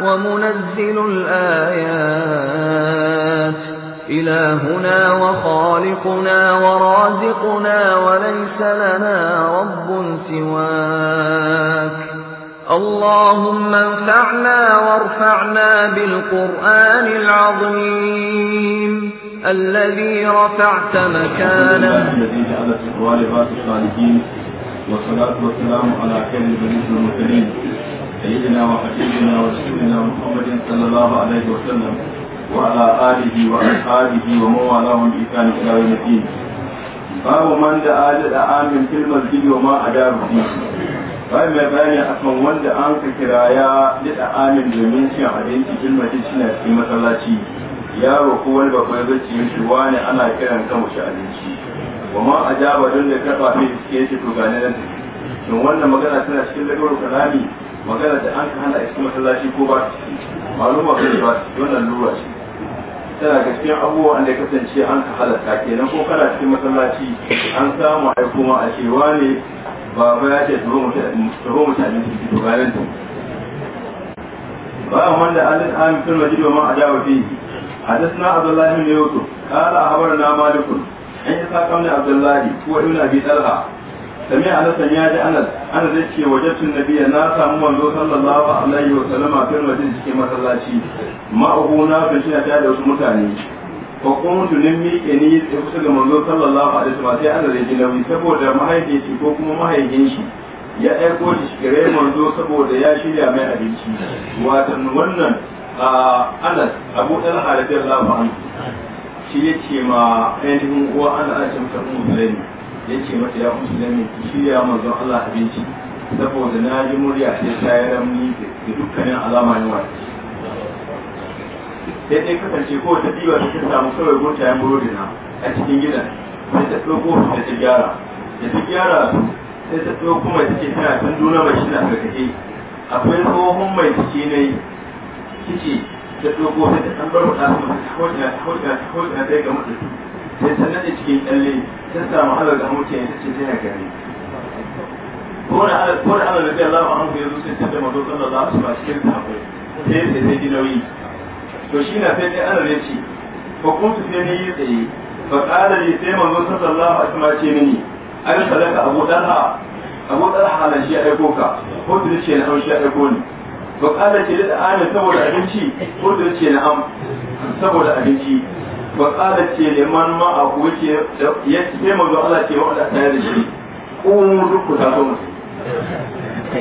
ومنزل الآيات إلهنا وخالقنا ورازقنا وليس لنا رب سواك اللهم انفعنا وارفعنا بالقرآن العظيم الذي رفعت مكانه الذي جعل استقبال الصالحين والصلاة والسلام على خير المرسلين سيدنا وحبيبنا وسيدنا محمد صلى الله عليه وسلم وعلى آله وأصحابه ومن والاهم بإحسان إلى يوم الدين باب من دعا لدعاء من في المسجد وما أداه فيه bayan mai bayani a wanda an ka kiraya da amin domin cin abinci cikin masjid suna cikin masallaci yaro ko wani babba ya zace mishi ana kiran kan wuce abinci wa ma don da karba suke yake gane nan magana tana cikin lagos kalami magana da an hana a cikin masallaci ko ba su ciki malum ba kai ba su wannan lura ce tana ga cikin abubuwan da kasance an ka halatta kenan ko kana cikin masallaci an samu ai kuma a cewa ne baba ya ce tsoro mutane su fito bayan ta ba amma da alin amin fil majid wa ma adawa fi حدثنا عبد الله بن يوسف قال أخبرنا مالك عن إسحاق بن عبد الله هو ابن bi طلحة sami anasan ya ji anas anas ya ce wajatun nabiya na samu manzo sallallahu alaihi wa a fil masjid cikin masallaci ma'ahu na fi shi ta da wasu mutane ko kuma tunin miƙe ni ya kusa ga manzo sallallahu alaihi wa sallam sai anas ya ji nauyi saboda mahaifin shi ko kuma mahaifin shi ya aiko shi gare manzo saboda ya shirya mai abinci watan wannan anas abu talha radiyallahu anhu shi ya ce ma ainihin uwa ana aisha mutum musulmi ya ce mata ya ummu sulaimi ki shirya manzon Allah abinci saboda na ji murya ta tayar ni da dukkanin alama ne wani sai dai kasance ko ta diba ta samu kawai ya burodi na a cikin gidan sai ta da ta gyara da ta gyara sai ta mai take tana tun duna mai shina karkace akwai tsohon mai ciki ne kici ta ɗauko ta tambar mu ta hau ta hau ta ta ta ga mutu sai sannan da cikin kyalle ta samu halar da hamurci ya ce tana gari kone halar da zai zama hanku ya zo sai tattalin mazo tsanda za su ba cikin sahabai sai sai sai ji nauyi to shi na sai dai ana ce ba kun su sai ni yi tsaye ba ƙara ne sai manzo sallallahu alaihi wasallam ce mini an salaka abu dalha abu dalha na shi ya aiko ka ko da ce na ya aiko ni ba ƙara ce da ana saboda abinci ko da ce na am saboda abinci wa qala ce man ma abu ce ya ce mazo Allah ce wanda ta yi shi ku duk ku taso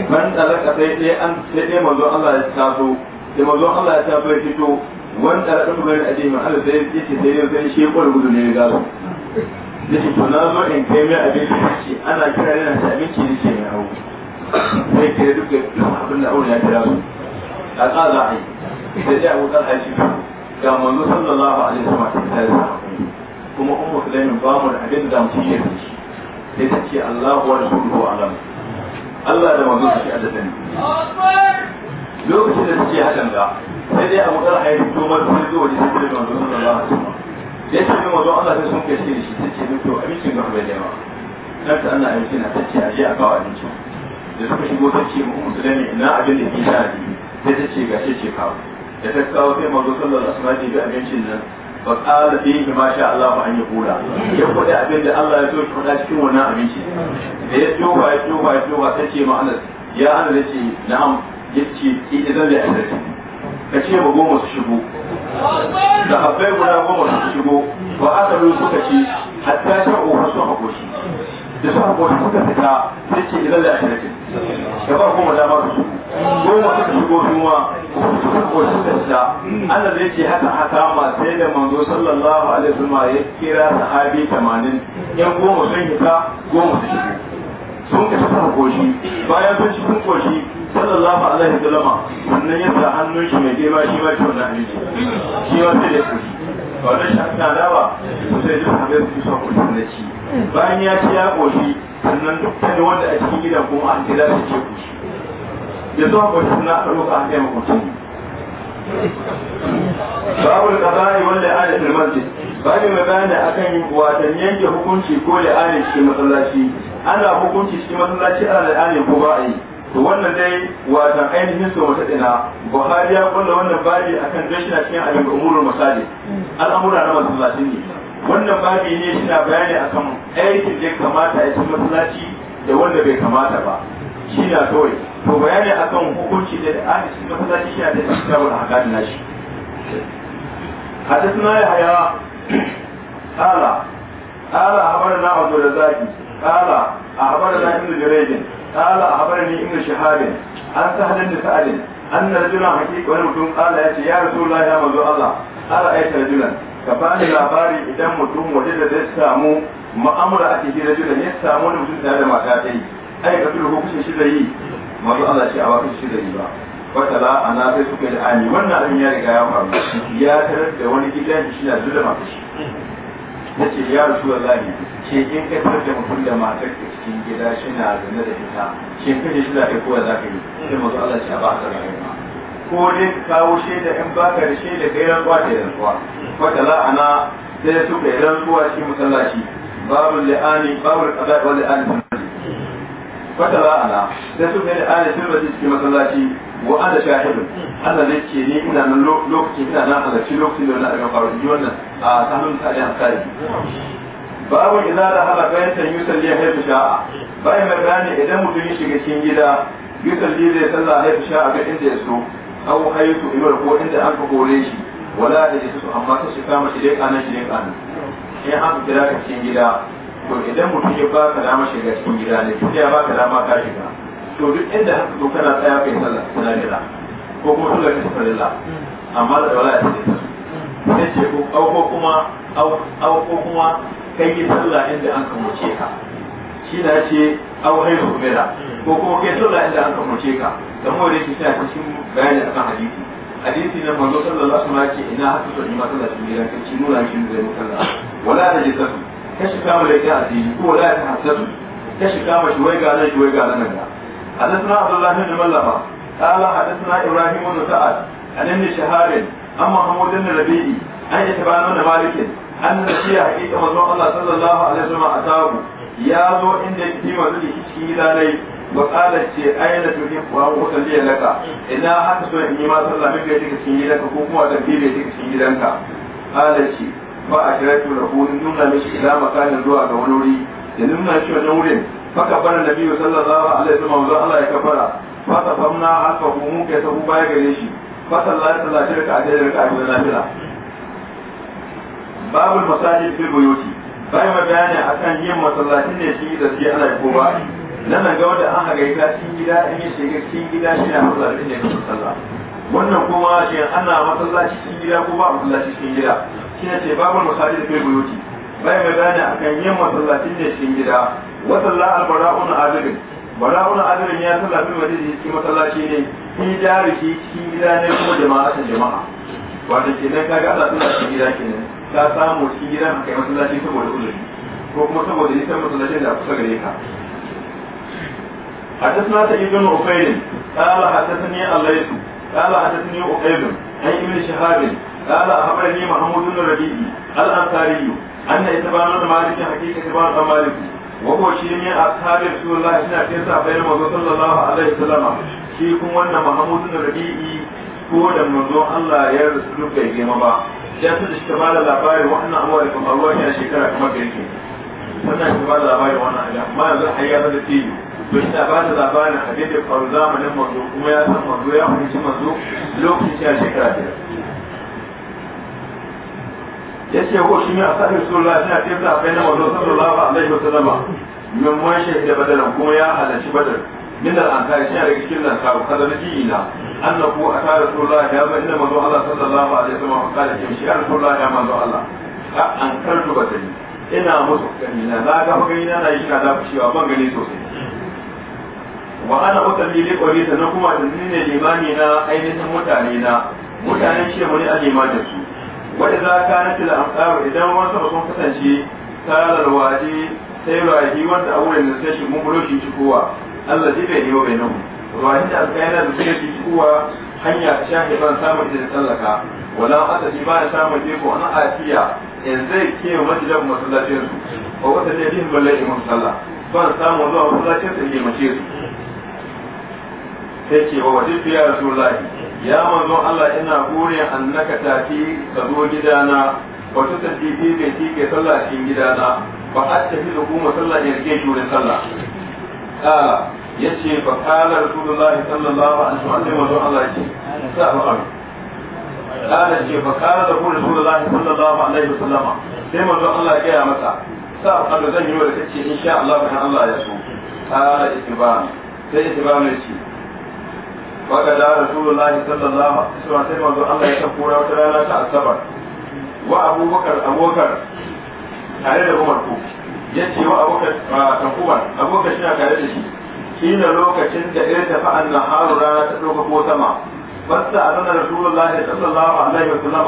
man talaka sai dai an sai dai mazo Allah ya taso da mazo Allah ya taso ya fito wanda talaka ku gari aje mai Allah sai ya ce sai sai shi ko gudu ne ga su da shi to na zo in kai mai abinci shi ana kira yana ta abinci ne ke mai hau sai kira duk abin da aure ya kira su a tsada ai sai dai abu kan aiki ga manzo sallallahu alaihi wasallam ta tare da kuma ummu sulaimin ba mu da abin da mutum ya fice sai ta ce Allahu wa rasuluhu alam Allah da manzo shi adadin lokacin da suke hakan da sai dai abu kar ayi to ma sai zo wajen sai da manzo sallallahu alaihi wasallam ya ce min wajen Allah sai sun kai shi shi sai ce min to abincin ga bai da yawa dan ta Allah ayi na ta ce aje a kawo abinci da suka shigo ta ce mu ummu sulaimin ina abin da ke sha ne sai ta ce ga shi ce kawo da ta kawo sai manzo sallallahu alaihi wasallam ya abincin nan fa qala fihi ma sha Allah an yaqula ya faɗi abin da Allah ya so shi faɗa cikin wannan abinci da ya tofa ya tofa ya tofa ta ce ma Anas ya Anas ya ce na'am ya ce idan da ya ka ce ba goma su shigo da habbai guda goma su shigo wa asalu suka ce hatta sha'u hasu hakoshi da su hakoshi suka fita sai ce idan da ya shirkin da ba goma dama su shigo goma suka shigo suma ko su da Allah zai ce haka haka hasama sai da manzo sallallahu alaihi wasallam ya kira sahabi 80 yan goma sun hita goma su shigo sun ka saka koshi bayan sun shi sun koshi sallallahu alaihi wasallam wannan ya sa hannun shi mai girma shi ma shi wannan abinci shi ma sai da koshi wannan shi na dawa sai da sahabi su sa koshi na ci. bayan ya ci ya koshi sannan duk dukkan wanda a cikin gidan kuma an kira su ce koshi ya zo ko suna a roƙa aka yi makwacin babu qada'i wal li'ani fil masjid babu mai bayani akan watan yanke hukunci ko li'ani cikin masallaci ana hukunci cikin masallaci ana li'ani ko ba yi to wannan dai watan ainihin so wata dina buhari ya kulla wannan babi akan dai shi na cikin abin umurul masajid al'amura na masallaci ne wannan babi ne shi na bayani kan aikin da ya kamata ya ci masallaci da wanda bai kamata ba shi na kawai to bayani akan hukunci da da ahli sunna kuma shi ya da shi kawai a gani nashi hadisi na yahya qala qala habarna abu da zaki qala habarna ibn jarayd qala habarni ibn shahab an sahal da sa'd an rajul haqiqa wa mutum qala ya ya rasulullah ya mazu allah qala ay rajul ka bani labari idan mutum wajen da zai samu mu'amala a cikin rajul ya samu wani mutum da ya da mata ta yi ai ka tuna hukunci shi da yi masu Allah ce a wakil shi da riba a na sai suka yi ani wannan abin ya riga ya faru ya tarar da wani gidan shi na zuwa masu shi na ce ya rasu da zani ce in ka tarar da mutum da matar da cikin gida shi na zane da ita shi ka ce shi za ka yi kowa za ka yi sai masu Allah ce a ba a tsara rayuwa ko dai ka kawo da in baka da da kai rantsuwa da rantsuwa a na sai suka yi rantsuwa shi masallaci babu li'ani babu qada li'ani fata za ana sai su da ayat sirra cikin masallaci wa ana shahidun Allah ne ce ne ina nan lokacin ina nan halarci lokacin da wannan aka faru ji wannan a sanin ta da ansari babu ina da hala bayan tan yusalli ya haifu sha'a bayan mai bayani idan mutum ya shiga cikin gida Yusuf yusalli zai sallah haifu sha'a ga inda ya so aw haytu imar ko inda an ka kore shi wala da su amma ta shi kama shi dai kanan shi dai kanan in aka kira ka cikin gida to idan mutum ya ba ka dama shiga cikin gida ne ya ba ka dama ka shiga to duk inda haka to kana tsaya kai sallah ko kuma da ka farilla amma da wala ya tsaye sai ce ko kuma ko kuma kai sallah inda an kamuce ka shi na ce au mera ko kuma kai sallah inda an kamuce ka da cikin bayani akan hadisi hadisi na manzo sallallahu alaihi wasallam ina haka so in ma sallah cikin gidan kai nuna shi wala da ka shi kama da ke addini ko wala ta hasadu ka shi kama shi ga nan wai ga nan da hadathna abdullah bin mallama qala hadathna ibrahim bin sa'ad an anni shahar an mahmud bin rabi'i an yatabana da malik an nasi haqiqa manzo allah sallallahu alaihi wasallam atahu ya zo inda yake wa zuri cikin gidanai wa qala ce ayna tuhib wa usalli laka ina haka so in yi ma sallah bi kai cikin gidanka ko kuma da bi kai cikin gidanka qala ba a kira tu lahu nuna mishi ila makanin zuwa ga wani wuri da nuna shi wannan wurin faka bar nabi sallallahu alaihi wasallam manzo Allah ya kafara fa tafamna haka mu kai sabu baya gare shi fa sallallahu alaihi wasallam ka da ka da nafila babul masajid fil buyuti bayan bayani akan yin masallacin ne shi da shi Allah ya koba nan ga wanda an haga ita cikin gida in ya shiga cikin gida shi ne masallacin ne na sallah wannan kuma shi ana masallaci cikin gida ko ba masallaci cikin gida shine ce babu musali da kai buyuti bai magana akan yin masallacin da cikin gida wa sallallahu al-bara'un azibin bara'un azibin ya sallah fil wadi cikin masallaci ne fi jari shi cikin gida ne kuma ta jama'a ke kenan kaga Allah sallah cikin gida kenan ka samu cikin gida kai masallaci saboda uzuri ko kuma saboda nisan masallacin da kusa gare ka حدثنا سعيد بن عفيل قال حدثني الليث قال حدثني عقيل عن ابن شهاب قال أخبرني محمود بن ربيع الأنصاري أن إتبان مالك حقيقة إتبان مالك وهو شيء من أصحاب رسول الله هنا في صحابة الموضوع صلى الله عليه وسلم شيء كم محمود بن ربيع ko da manzon Allah ya rasu bai girma ba ya su shi ba da labarin wannan amma da kamar ruwa ya shekara kamar da yake wannan shi ba da labarin wannan abuwa amma yanzu har ya zama tiyo to shi ba da labarin hadin da faru zamanin manzo kuma ya san manzo ya fahimci manzo lokacin ya shekara biyar yace ko shi ne a sahih sallallahu alaihi wasallam ya tafi na wannan sallallahu alaihi wasallam min mun da badalan kuma ya halarci badal min da an kai shi a cikin nan ka kada da annabu annahu ata rasulullahi ya bayyana manzo Allah sallallahu alaihi wasallam kada ce shi sallallahu ya manzo Allah ka an karto badal ina musu kanina na ga kai na yi kada da cewa ban gani sosai wa ana mutalli li qawli na kuma da ne limani na ainihin mutane na mutanen shi mun alima da su wai za ka nace da amsaru idan wasu ba sun kasance talar waje sai rahi wanda a wurin da sai shi mun bulo shi cikowa Allah zai bai yiwa bainahu rahi da alƙayar da sai shi cikowa hanya shahiban samun da tsallaka wala asali ba ya samun iko an atiya in zai kiyaye masjidan masallacin su yin sallah ban zuwa mace su sai ya manzo Allah ina burin annaka tafi ka zo gidana wa ta tafi da ki ke sallah cikin gidana ba a tafi da kuma sallah ya rike shurin sallah kala yace fa kala rasulullahi sallallahu alaihi wa sallam manzo Allah yace sa ba amin kala ce fa kala da rasulullahi sallallahu alaihi wa sallam sai manzo Allah ya gaya masa sa ba zan yi wa da kace insha Allah bayan Allah ya so kala itibani sai itibani ce waka da rasulullahi sallallahu alaihi wasallam sai manzo Allah ya kura wata rana ta asabar wa abubakar abubakar tare da Umar ko yace wa abubakar ah, takuwan abubakar shi tare da shi shine lokacin da irin da fa'an naharu rana ta doka ko sama fasta azana rasulullahi sallallahu alaihi wa wasallam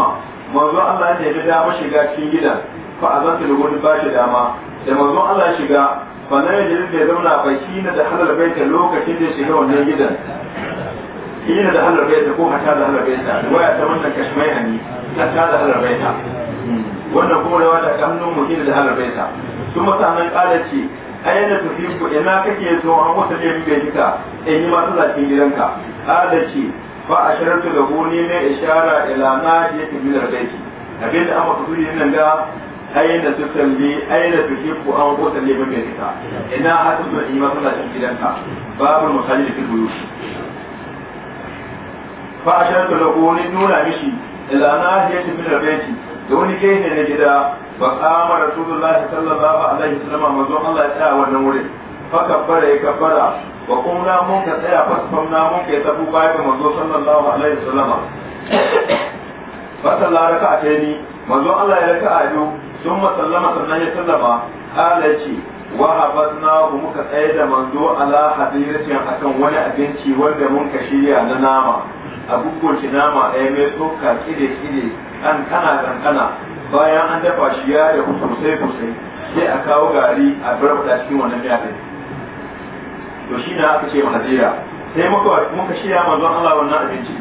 manzo Allah ya yi dama shiga cikin gidan fa azanta da gudu bashi dama da manzo Allah ya shiga fa na yaji da zauna baki na da halal baita lokacin da shiga wannan gidan حين waya ta يكون حتى دخل ni ويتمنى كشميهني da halarbe ta? wannan kuma rawa da hannun mu da halar baita sun mutanen kala ce ayyana su fi ku ina kake so an wata ne bi kika in eh, yi masu zafin gidanka kala ce fa a sharatu da goni ne ishara ila na je ta bilar baiti abin da amma kusuri nan ga ayyana su tambi ayyana su fi ku an wata ne bi kika ina hatu da yi masu zafin gidanka babu musalli da buyuti fa a sharta da ni nuna mishi ila na ya tafi da baiti da wani ne na gida ba kama rasulullahi sallallahu alaihi wasallam manzon Allah ya tsaya wannan wurin fa kabbara ya kabbara wa kuma mun ka tsaya fa kuma mun ka tafi bayan manzo sallallahu alaihi wasallam fasalla raka a ni manzon Allah ya raka a biyu sun masallama sannan ya sallama ala ce wa habasna hu muka tsaye da manzo ala hadiratin akan wani abinci wanda mun ka shirya na nama a bukkunci nama ɗaya mai tsoka kire-kire kan kana bayan an dafa shi ya yahu sosai sosai sai a kawo gari a barbaɗa cikin wannan miya to shi na aka ce ma Najeriya sai muka shirya zuwa Allah wannan abinci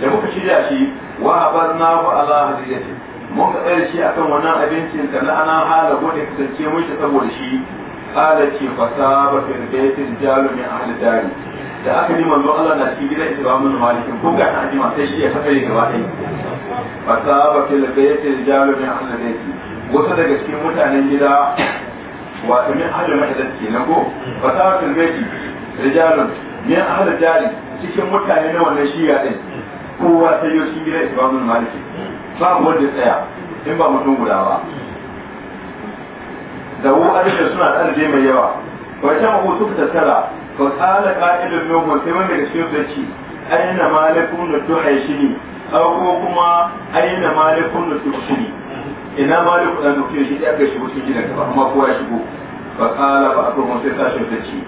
da muka shirya shi wa barna wa Allah hadiyati mun ka tsaya shi akan wannan abincin da ana hala gode kasance mun shi saboda shi qala ce fasaba fil baiti rijalun min ahli dari da aka ji manzo Allah na cikin gidan ba Imam Malik ko ga ta ji sai shi ya saka ne gaba ɗaya fasaba fil bayti rijalu Allah ahli bayti wasu daga cikin mutanen gida wato min ahli mahaddar kenan ko fasaba da bayti ne min ahli jari cikin mutane na wannan shiya din kowa sai yau cikin gidan ba Imam Malik ba wanda tsaya in ba mutum guda ba da wu suna da mai yawa wajen hutu ta tara fa qala qa'idun minhum sai wanda daga cikin su aina malakum da tuhayshini aw ko kuma aina malakum da tuhayshini ina malakum da tuhayshini shi aka shigo cikin gidan ba amma kowa ya shigo fa qala fa akum sai sashin ta ce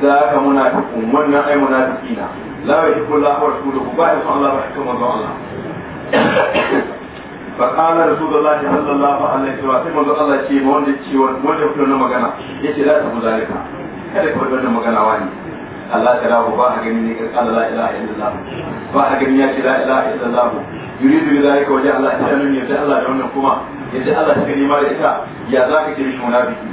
za ka munafiqun wannan ai munafiqina la yuhibbu Allah wa rasuluhu ba ya san Allah ba ya Allah فقال رسول الله صلى الله عليه وسلم الله شيء ما وجه شيء وجه كل ما كان يجي لا تقول ذلك kada ka wannan magana wani Allah ta rahu ba a gani ne ka kala la ilaha illallah ba a gani ya ce la ilaha illallah yuridu bi zalika wajen Allah ta sanin yadda Allah da wannan kuma yadda Allah ta gani ma da ita ya za ka ce mishi munafiki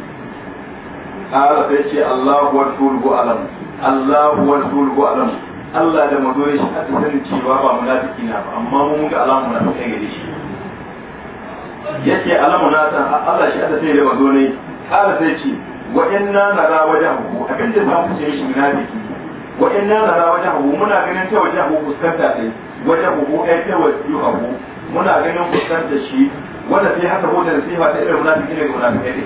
qala sai ce Allahu wa rasuluhu alam Allahu wa rasuluhu alam Allah da madoyi shi a sanin cewa ba munafiki na ba amma mun ga alamu na kai gare shi yace alamu na san Allah shi a sanin da madoyi qala sai ce wa inna nara wajahu abin da za mu ce shi na biki wa inna nara wajahu muna ganin ta wajahu fuskanta sai wajahu ai ta wajahu muna ganin fuskanta shi wanda sai haka ko da sifa ta irin munafiki ne ga munafikai ne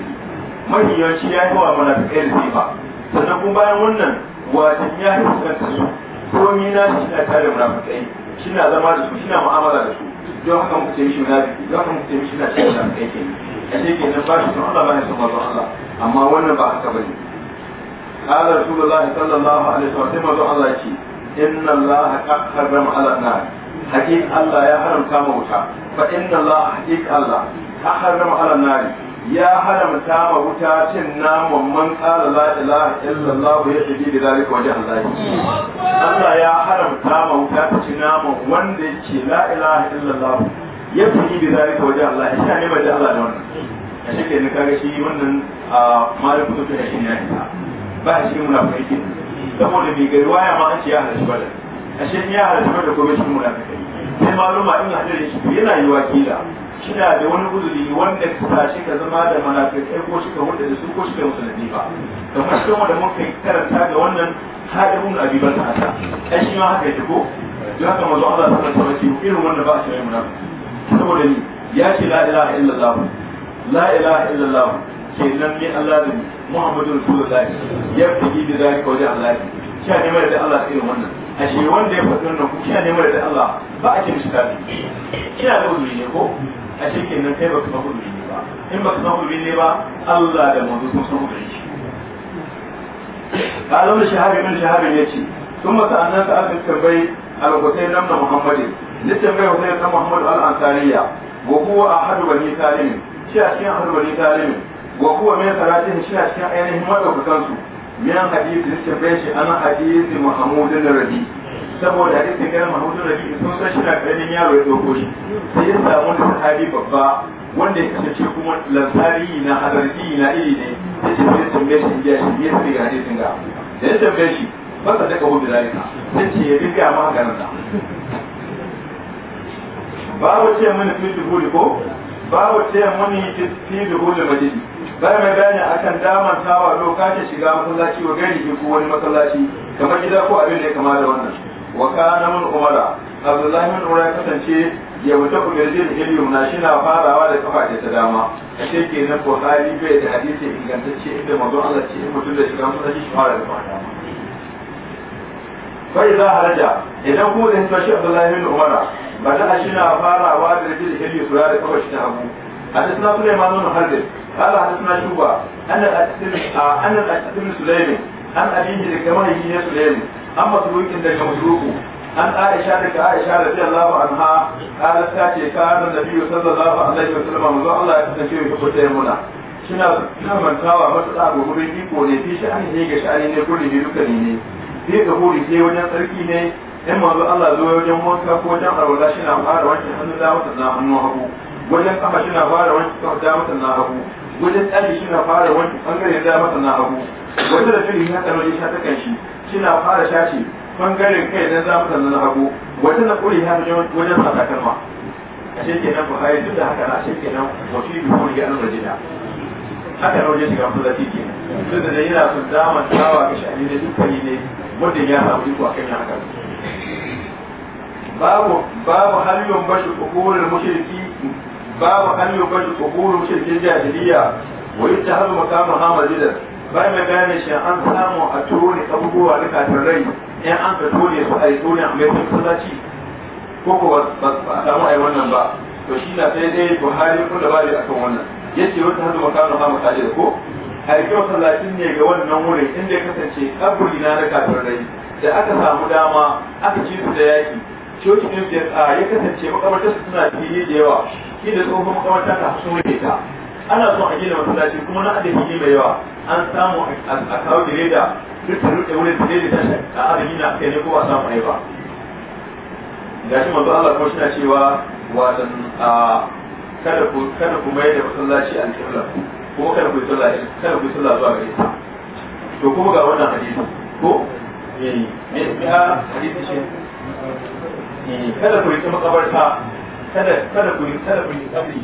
mafi yawanci ya yi wa munafikai da sifa sannan kuma bayan wannan wajen ya yi fuskanta su komi na shi na tare munafikai shi na zama da su shi na mu'amala da su don haka muka ce mishi munafiki don haka muka ce shi na shi munafikai ke a ce nan ba shi don Allah ba ne sun Allah amma wannan ba haka bane qala rasulullah sallallahu alaihi wa sallam da Allah ce inna Allah qad harrama ala nar hakik Allah ya haramta ma wuta fa inna Allah hakik Allah ka harrama ala nar ya haramta ma wuta cin namun man qala la ilaha illallah ya tafi da zalika wajen Allah Allah ya haramta ma wuta cin namun wanda ya ce la ilaha illallah ya tafi da zalika wajen Allah shi ne ba da Allah da wannan a shi kai na kaga shi wannan a malin kudu ta shi ya isa ba a cikin munafai ke saboda bai gari waya ma an ce ya halarci bada a shi ya halarci bada ko shi bai cikin kai sai maluma in da shi yana yi wakila kina da wani uzuri wanda ka shi ka zama da munafikai ko shi ka hulɗa da su ko shi ka musulmi ba da kamar shi wanda muka karanta ga wannan hadirin abi ba ta ta ai shi ma haka yake ko don haka mazo Allah ta tabbata irin wannan ba a shi mai munafiki saboda ni ya ce la ilaha illallah la ilaha illallah kenan ne Allah da Muhammadu Rasulullahi ya fi da zai kawai Allah kiya ne mai da Allah irin wannan ashe wanda ya faɗi wannan ku kiya ne mai da Allah ba a ce mishi kafi kina da uzuri ne ko ashe kenan kai baka san uzuri ne ba in baka san uzuri ne ba Allah da manzo sun san uzuri shi قالوا لشهاب بن شهاب يأتي ثم سألنا سألت التنبيه على حسين بن محمد للتنبيه حسين بن محمد الأنصارية وهو أحد بني سالم shi a cikin ahlul talib wa kuwa min salatin shi a cikin ainihin madaukakan su min hadisi ne bai shi ana hadisi muhammadin rabi saboda hadisi kan muhammadin rabi sun san shi da karamin yaro ya dauko shi sai ya samu da sahabi babba wanda ya kasance kuma lansari na hadarci na iri ne ya ce sai tambaye shi ya shi ya sai ga hadisin ga da ya benshi shi fasa daga hudu zalika sai ce ya rika ma haka nan babu ce mun fi dubu ko babu taya muni fi da majid bai mai bayani akan daman tawa ta shiga masallaci wa gari ko wani masallaci kamar gida ko abin da ya kama da wannan wa kana mun umara abdullahi mun umara kasance ya wuta ku gari da helium na shi na farawa da kafa ta dama ashe kenan hali bai da hadisi ingantacce inda manzon Allah ce in mutum da shiga masallaci shi fara da kafa dama fa idza haraja idan ku da shi abdullahi mun umara ba a shina fara wa da rikin hili sura da kawai shi ta hagu hadis na kula ma nuna harbin kala hadis na shuba an da tsakitin sulaimi an abin jirgin kama yi ne an ba turukin da an aisha daga aisha da fiye lafa an ha kala ta ce kara da biyu sanda lafa an laifin sulaimi mazu allah ya kasance yau ka fita yi muna shina shina mantawa matuƙa ga gurin iko ne fi sha'ani ne ga sha'ani ne kuri ne duka ne ne fiye ga gurin ne wajen tsarki ne in manzo Allah zo wajen wanka ko wajen alwala shi na fara wanke hannu da mata na hannu hagu wajen kafa shi na fara wanke kafa da mata na hagu wajen tsari shi na fara wanke bangare da mata na hagu wajen da tuni ya tsaro shi ta kanshi shi na fara shashi bangaren kai da za mata na hagu wajen da kuri ya wajen sa kalma a kenan kenan Buhari duk da haka na shi kenan wafi bihu ya an rajina haka na wajen shiga masallaci ke duk da yana sun damar tawa ga shi ne dukkan ne wanda ya samu iko kan haka babu babu halin bashi kuburin mushriki babu halin bashi kuburin mushrikin jahiliya wa yattahalu maqama hamadidan bai mai gane shi an samu a tone abubuwa na rai in an ka tone su a yi tone a mai masallaci ko ko ba a samu a yi wannan ba to shi na sai dai buhari ko da bari kan wannan yace wata hadu makanu ha masajid ko harfi masallacin ne ga wannan wurin inda ya kasance kaburi na na rai. da aka samu dama aka ci su da yaki coci ɗin ya kasance makamartar su suna fili da yawa shi da tsohon makamarta ta sun wuce ta ana son a gina masallaci kuma na adadi ne mai yawa an samu a kawo dire da rute rute wurin dire da tashi a adadi na kai ne ko ba samu ne ba gashi manzo Allah kuma suna cewa watan kada ku kada ku mai da masallaci alƙibla kuma kada ku yi kada ku sallah zuwa gare ta to kuma ga wannan hadisi ko eh me me hadisi shi kada ku yi makabarta kada kada ku yi kada ku yi kabri